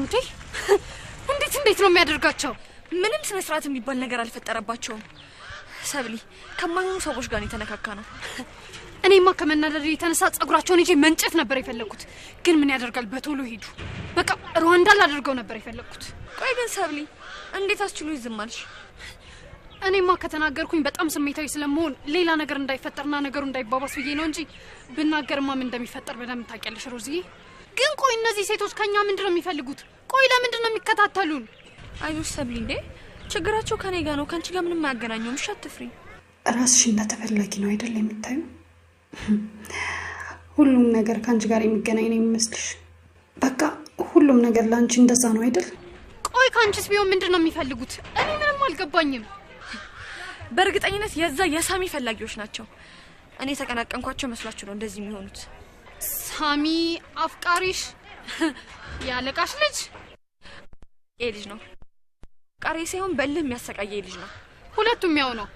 እንዴ እንዴት እንዴት ነው የሚያደርጋቸው? ምንም ስነ ስርዓት የሚባል ነገር አልፈጠረባቸውም። ሰብሊ ከማይሆኑ ሰዎች ጋር የተነካካ ነው። እኔማ ከመናደድ የተነሳ ጸጉራቸውን እጄ መንጨት ነበር የፈለግኩት፣ ግን ምን ያደርጋል፣ በቶሎ ሄዱ። በቃ ሩዋንዳ ላደርገው ነበር የፈለግኩት። ቆይ ግን ሰብሊ እንዴት አስችሉ ዝም አልሽ? እኔማ ከተናገርኩኝ በጣም ስሜታዊ ስለመሆን ሌላ ነገር እንዳይፈጠርና ነገሩ እንዳይባባስ ብዬ ነው እንጂ ብናገርማ ምን እንደሚፈጠር በደንብ ታውቂያለሽ ሮዝዬ። ግን ቆይ እነዚህ ሴቶች ከኛ ምንድን ነው የሚፈልጉት? ቆይ ለምንድን ነው የሚከታተሉን? አይዞሽ ሰብል፣ እንዴ ችግራቸው ከኔ ጋር ነው። ከአንቺ ጋር ምንም አያገናኘውም። እሺ አትፍሪ። ራስሽ እንደተፈላጊ ነው አይደል የምታዩ? ሁሉም ነገር ከአንቺ ጋር የሚገናኝ ነው የሚመስልሽ? በቃ ሁሉም ነገር ለአንቺ እንደዛ ነው አይደል? ቆይ ከአንቺስ ቢሆን ምንድን ነው የሚፈልጉት? እኔ ምንም አልገባኝም። በእርግጠኝነት የዛ የሳሚ ፈላጊዎች ናቸው። እኔ የተቀናቀንኳቸው መስሏችሁ ነው እንደዚህ የሚሆኑት። ሳሚ አፍቃሪሽ ያለቃሽ ልጅ ልጅ ነው። አፍቃሪ ሳይሆን በእልህ የሚያሰቃየ ልጅ ነው። ሁለቱም ያው ነው።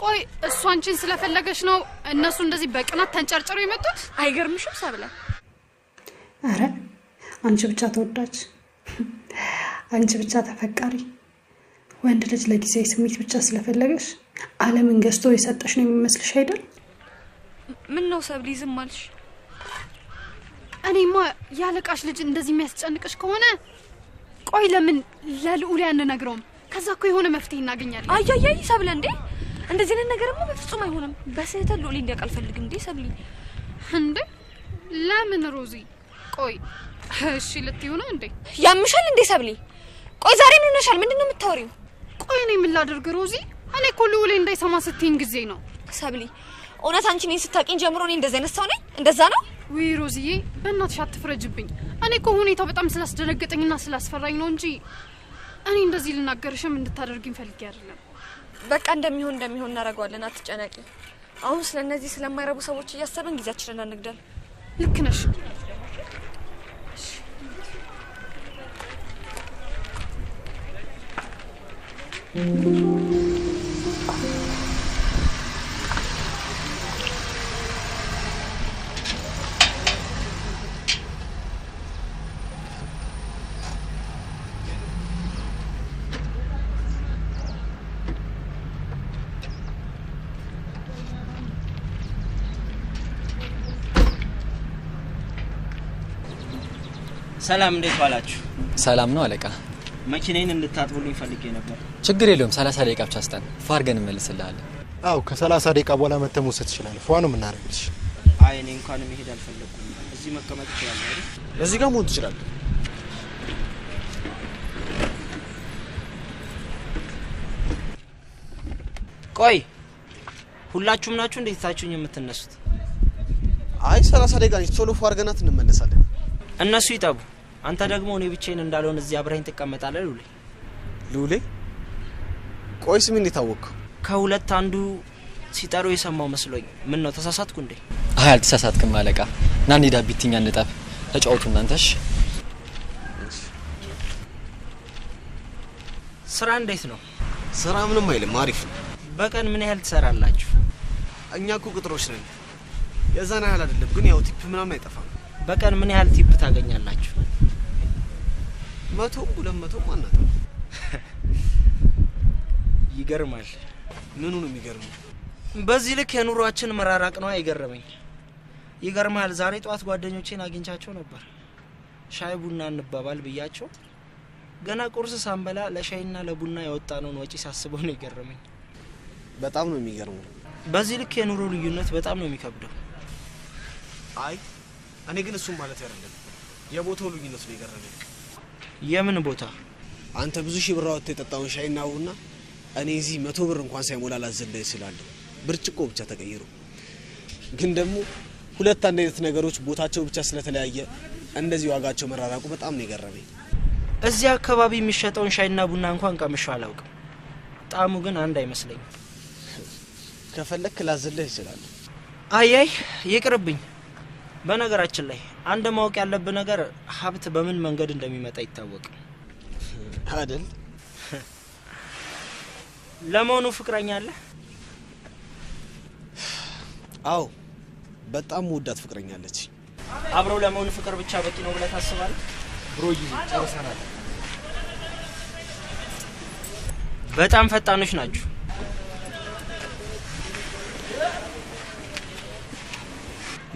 ቆይ እሱ አንቺን ስለፈለገች ነው እነሱ እንደዚህ በቅናት ተንጨርጭረው የመጡት? አይገርምሽም ሰብለ? አረ አንቺ ብቻ ተወዳጅ፣ አንቺ ብቻ ተፈቃሪ። ወንድ ልጅ ለጊዜ ስሜት ብቻ ስለፈለገሽ አለምን ገዝቶ የሰጠሽ ነው የሚመስልሽ አይደል? ምን ነው ሰብሊ ዝም አልሽ? እኔማ ያለቃሽ ልጅ እንደዚህ የሚያስጨንቅሽ ከሆነ ቆይ ለምን ለልዑል ያንነግረውም ከዛ እኮ የሆነ መፍትሄ እናገኛለን። አያያይ ሰብለ እንዴ፣ እንደዚህ አይነት ነገርማ በፍጹም አይሆንም። በስህተ ልዑል እንዲያውቅ አልፈልግም። እንዴ ሰብሊ እንዴ፣ ለምን ሮዚ? ቆይ እሺ ልትይው ነው እንዴ? ያምሻል እንዴ ሰብሊ? ቆይ ዛሬ ምን ሆነሻል? ምንድን ነው የምታወሪው? ቆይ እኔ ምን ላድርግ ሮዚ? እኔ እኮ ልዑል እንዳይሰማ ስትይኝ ጊዜ ነው። ሰብሊ እውነት አንቺ እኔን ስታውቂኝ ጀምሮ እኔ እንደዚህ አይነት ሰው ነኝ? እንደዛ ነው ውይ ሮዝዬ በእናትሽ አትፍረጅብኝ። እኔ እኮ ሁኔታው በጣም ስላስደነገጠኝና ስላስፈራኝ ነው እንጂ እኔ እንደዚህ ልናገርሽም እንድታደርግኝ ፈልጌ አይደለም። በቃ እንደሚሆን እንደሚሆን እናደርገዋለን፣ አትጨናቂ አሁን ስለ እነዚህ ስለማይረቡ ሰዎች እያሰብን ጊዜያችንን አንግደል። ልክ ነሽ። Thank ሰላም፣ እንዴት ዋላችሁ? ሰላም ነው አለቃ። መኪናዬን እንድታጥቡልኝ ፈልጌ ነበር። ችግር የለውም፣ ሰላሳ ደቂቃ ብቻ ስጠን፣ ፏ አድርገን እንመልስልሃለን። አዎ፣ ከሰላሳ ደቂቃ በኋላ መተ መውሰድ ትችላለህ። ፏ ነው የምናደርግልሽ። አይ እኔ እንኳን መሄድ አልፈለግኩም። እዚህ መቀመጥ ይችላል አይደል? እዚህ ጋር መሆን ትችላለህ። ቆይ ሁላችሁም ናችሁ እንዴት ታችሁኝ የምትነሱት? አይ ሰላሳ ደቂቃ ቶሎ ፏ እንመለሳለን። እነሱ ይጠቡ። አንተ ደግሞ እኔ ብቻዬን እንዳልሆን እዚህ አብረኸኝ ትቀመጣለህ። ሉሌ ሉሌ ቆይስ ምን የታወቅከው? ከሁለት አንዱ ሲጠሩ የሰማው መስሎኝ። ምን ነው ተሳሳትኩ እንዴ? አይ አልተሳሳትክም አለቃ። ና እንሂዳ፣ ቢትኛ እንጠብ፣ ተጫወቱ እናንተሽ። ስራ እንዴት ነው? ስራ ምንም አይልም፣ አሪፍ ነው። በቀን ምን ያህል ትሰራላችሁ? እኛ እኮ ቅጥሮች ነን፣ የዛን ያህል አይደለም፣ ግን ያው ቲፕ ምናምን አይጠፋም። በቀን ምን ያህል ቲፕ ታገኛላችሁ? መቶም ሁለት መቶም ይገርማል። ምኑ ነው የሚገርመው? በዚህ ልክ የኑሯችን መራራቅ ነው አይገረመኝ። ይገርማል። ዛሬ ጠዋት ጓደኞቼን አግኝቻቸው ነበር። ሻይ ቡና እንባባል ብያቸው ገና ቁርስ ሳንበላ ለሻይና ለቡና ነውን ወጪ ሳስበው ነው የገረመኝ። በጣም ነው የሚገርመው። በዚህ ልክ የኑሮ ልዩነት በጣም ነው የሚከብደው። አይ እኔ ግን እሱም ማለት አይደለም የቦታው ልዩነት ነው የገረመኝ። የምን ቦታ? አንተ ብዙ ሺህ ብር አውጥተህ የጠጣውን ሻይና ቡና እኔ እዚህ መቶ ብር እንኳን ሳይሞላ ላዘልህ እችላለሁ። ብርጭቆ ብቻ ተቀይሮ ግን ደግሞ ሁለት አንድ አይነት ነገሮች ቦታቸው ብቻ ስለተለያየ እንደዚህ ዋጋቸው መራራቁ በጣም ነው የገረመኝ። እዚህ አካባቢ የሚሸጠውን ሻይና ቡና እንኳን ቀምሻው አላውቅም። ጣዕሙ ግን አንድ አይመስለኝም። ከፈለክ ላዝልህ አይ አይ ይቅርብኝ። በነገራችን ላይ አንድ ማወቅ ያለብህ ነገር ሀብት በምን መንገድ እንደሚመጣ ይታወቅ አይደል? ለመሆኑ ፍቅረኛ አለ? አዎ፣ በጣም ውዳት ፍቅረኛ አለች። አብሮ ለመሆኑ ፍቅር ብቻ በቂ ነው ብለህ ታስባለህ? ብሮ ጨርሰናል። በጣም ፈጣኖች ናችሁ።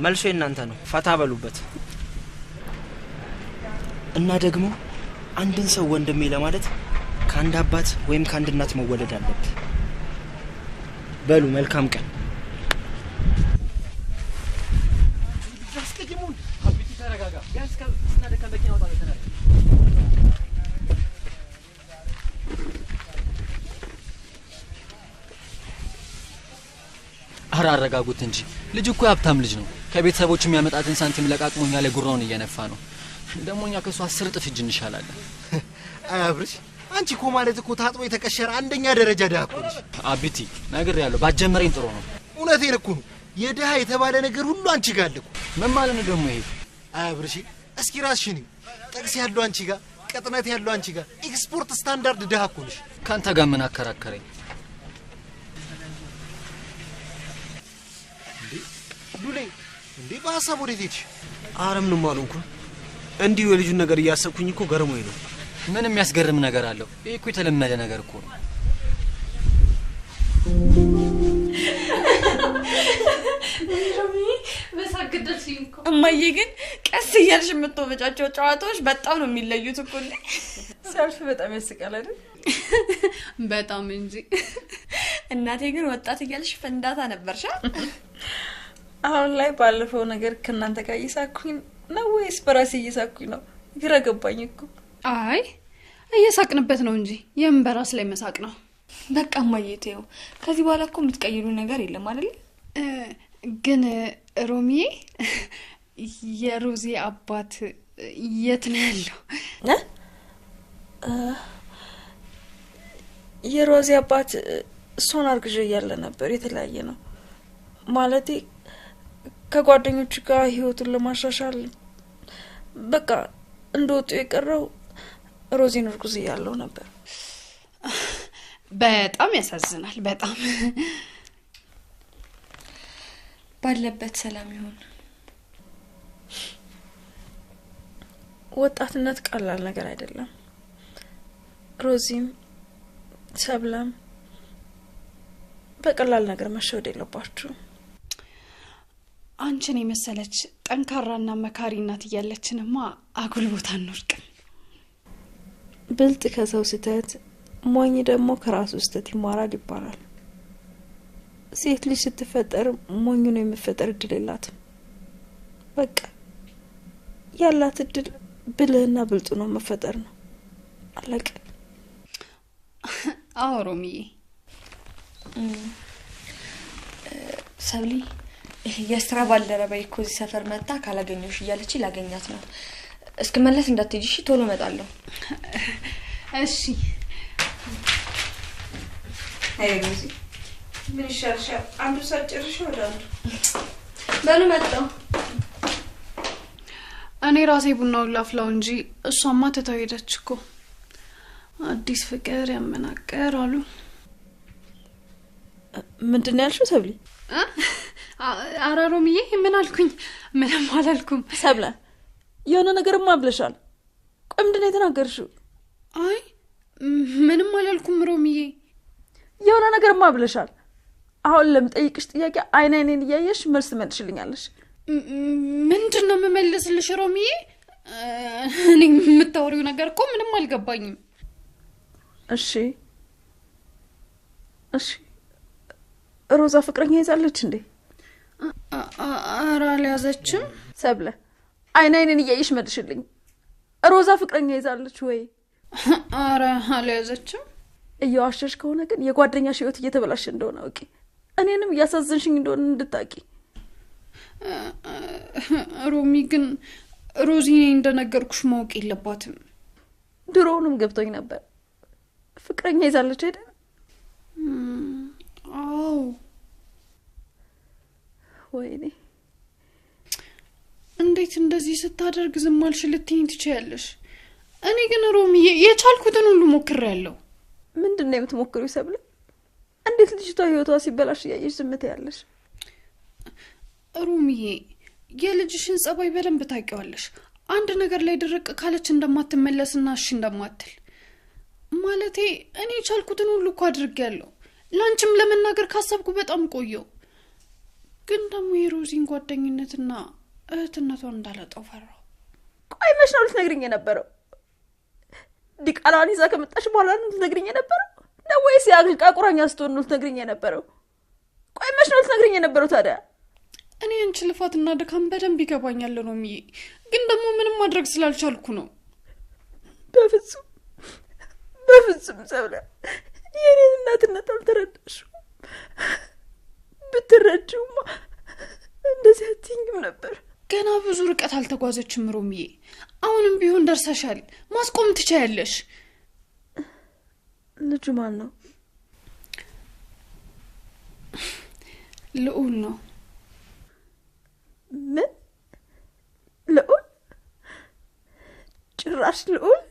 መልሶ የእናንተ ነው። ፈታ በሉበት እና ደግሞ አንድን ሰው ወንድሜ ለማለት ከአንድ አባት ወይም ከአንድ እናት መወለድ አለበት በሉ መልካም ቀን። አረ አረጋጉት እንጂ ልጅ እኮ የሀብታም ልጅ ነው። ከቤተሰቦች የሚያመጣትን ሳንቲም ለቃቅሞ እኛ ላይ ጉራውን እየነፋ ነው። ደግሞ እኛ ከእሱ አስር እጥፍ እጅ እንሻላለን። አያብርሽ፣ አንቺ እኮ ማለት እኮ ታጥቦ የተቀሸረ አንደኛ ደረጃ ድሃ እኮ ነሽ። አቢቲ ነገር ያለው ባጀመረኝ ጥሩ ነው። እውነቴን እኮ ነው። የድሃ የተባለ ነገር ሁሉ አንቺ ጋር አለ እኮ። ምን ማለት ነው ደግሞ ይሄ? አያብርሽ፣ እስኪ ራስሽን ጠቅስ ያለው አንቺ ጋር ቅጥነት ያለው አንቺ ጋር ኤክስፖርት ስታንዳርድ ድሃ እኮ ነሽ። ከአንተ ጋር ምን አከራከረኝ? ዱሌ እንዴ በሀሳብ ወዴት ሄድሽ? አረምንም አልሆንኩም። እንዲሁ የልጁን ነገር እያሰብኩኝ እኮ ገርሞኝ ነው። ምን የሚያስገርም ነገር አለው? ይህ እኮ የተለመደ ነገር እኮ ነው። እማዬ ግን ቀስ እያልሽ የምትወበጫቸው ጨዋታዎች በጣም ነው የሚለዩት እኮ ሲያልፍ በጣም ያስቃል አይደል? በጣም እንጂ። እናቴ ግን ወጣት እያልሽ ፍንዳታ ነበርሻ። አሁን ላይ ባለፈው ነገር ከእናንተ ጋር እየሳኩኝ ነው ወይስ በራሴ እየሳኩኝ ነው? ግራ ገባኝ እኮ። አይ እየሳቅንበት ነው እንጂ የምን በራስ ላይ መሳቅ ነው። በቃ ማየቴው ከዚህ በኋላ እኮ የምትቀይሉ ነገር የለም አይደል? ግን ሮሚዬ፣ የሮዜ አባት የት ነው ያለው? የሮዚ አባት እሷን አርግዣ እያለ ነበር። የተለያየ ነው ማለቴ ከጓደኞች ጋር ህይወቱን ለማሻሻል በቃ እንደወጡ የቀረው ሮዚን እርጉዝ እያለው ነበር። በጣም ያሳዝናል። በጣም ባለበት ሰላም ይሁን። ወጣትነት ቀላል ነገር አይደለም። ሮዚም ሰብለም በቀላል ነገር መሸወድ የለባችሁ። አንቺን የመሰለች ጠንካራና መካሪ እናት እያለችንማ አጉል ቦታ እንወድቅም። ብልጥ ከሰው ስህተት፣ ሞኝ ደግሞ ከራሱ ስህተት ይማራል ይባላል። ሴት ልጅ ስትፈጠር ሞኙ ነው የመፈጠር እድል የላትም። በቃ ያላት እድል ብልህና ብልጡ ነው መፈጠር ነው። አለቀ። አዎ ሮሚዬ ሰብሊ የስራ ባልደረባ እኮ እዚህ ሰፈር መጣ ካላገኘሽ እያለች ላገኛት ነው። እስክመለስ እንዳትሄጂ እሺ። ቶሎ እመጣለሁ። እሺ። ምን ይሻልሻል? አንዱ ሳጨርሽ ወደ አንዱ በሉ መጣው። እኔ ራሴ ቡናውን ላፍላው እንጂ እሷማ ትታው ሄደች እኮ። አዲስ ፍቅር ያመናቀር አሉ። ምንድን ነው ያልሽው ሰብሊ? አራሮምዬ ምን አልኩኝ? ምንም አላልኩም። ሰብለ የሆነ ነገርማ ብለሻል። ቆይ ምንድን የተናገርሽው? አይ ምንም አላልኩም ሮምዬ። የሆነ ነገርማ ብለሻል። አሁን ለምጠይቅሽ ጥያቄ አይን አይኔን እያየሽ መልስ ትመልሽልኛለሽ። ምንድን ነው የምመልስልሽ ሮምዬ? እኔ የምታወሪው ነገር እኮ ምንም አልገባኝም። እሺ እሺ፣ ሮዛ ፍቅረኛ ይዛለች እንዴ? ኧረ አልያዘችም። ሰብለ አይን አይንን እያየሽ መልሽልኝ። ሮዛ ፍቅረኛ ይዛለች ወይ? አረ አልያዘችም። እየዋሸሽ ከሆነ ግን የጓደኛሽ ህይወት እየተበላሸ እንደሆነ አውቂ። እኔንም እያሳዘንሽኝ እንደሆነ እንድታቂ። ሮሚ ግን ሮዚ እኔ እንደነገርኩሽ ማወቅ የለባትም። ድሮውንም ገብቶኝ ነበር። ፍቅረኛ ይዛለች አይደል? ወይኔ እንዴት እንደዚህ ስታደርግ ዝም አልሽ ትችያለሽ እኔ ግን ሮሚ የቻልኩትን ሁሉ ሞክር ያለው ምንድን ነው የምትሞክሪው እንዴት ልጅቷ ህይወቷ ሲበላሽ እያየሽ ዝምት ያለሽ ሮሚዬ የልጅሽን ጸባይ በደንብ ታውቂዋለሽ አንድ ነገር ላይ ድርቅ ካለች እንደማትመለስና እሺ እንደማትል ማለቴ እኔ የቻልኩትን ሁሉ እኮ ያለው ለአንቺም ለመናገር ካሰብኩ በጣም ቆየው ግን ደግሞ የሮዚን ጓደኝነትና እህትነቷን እንዳለጠው ፈራው። ቆይ መች ነው ልትነግርኝ የነበረው? ዲቃላዋን ይዛ ከመጣሽ በኋላ ነው ልትነግርኝ የነበረው ነው ወይስ የአቅልቃ ቁራኛ ስትሆን ነው ልትነግርኝ የነበረው? ቆይ መች ነው ልትነግርኝ የነበረው ታዲያ? እኔ አንቺ ልፋትና ድካም በደንብ ይገባኛል ነው ምዬ፣ ግን ደግሞ ምንም ማድረግ ስላልቻልኩ ነው። በፍጹም በፍጹም ሰብለ የኔን እናትነት አልተረዳሽም። ብትረጅውማ እንደዚህ አትይኝም ነበር። ገና ብዙ ርቀት አልተጓዘችም ሮሚዬ። አሁንም ቢሆን ደርሰሻል። ማስቆም ትቻያለሽ። ልጁ ማን ነው? ልዑል ነው። ምን ልዑል? ጭራሽ ልዑል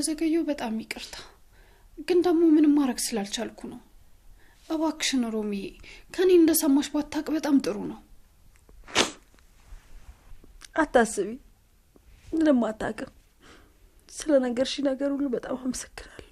ስለዘገየው በጣም ይቅርታ፣ ግን ደግሞ ምንም ማድረግ ስላልቻልኩ ነው። እባክሽን ሮሚዬ፣ ከኔ ሰማሽ ባታቅ በጣም ጥሩ ነው። አታስቢ፣ ምንም አታቅም። ስለ ሺ ነገር ሁሉ በጣም አመሰግናለሁ።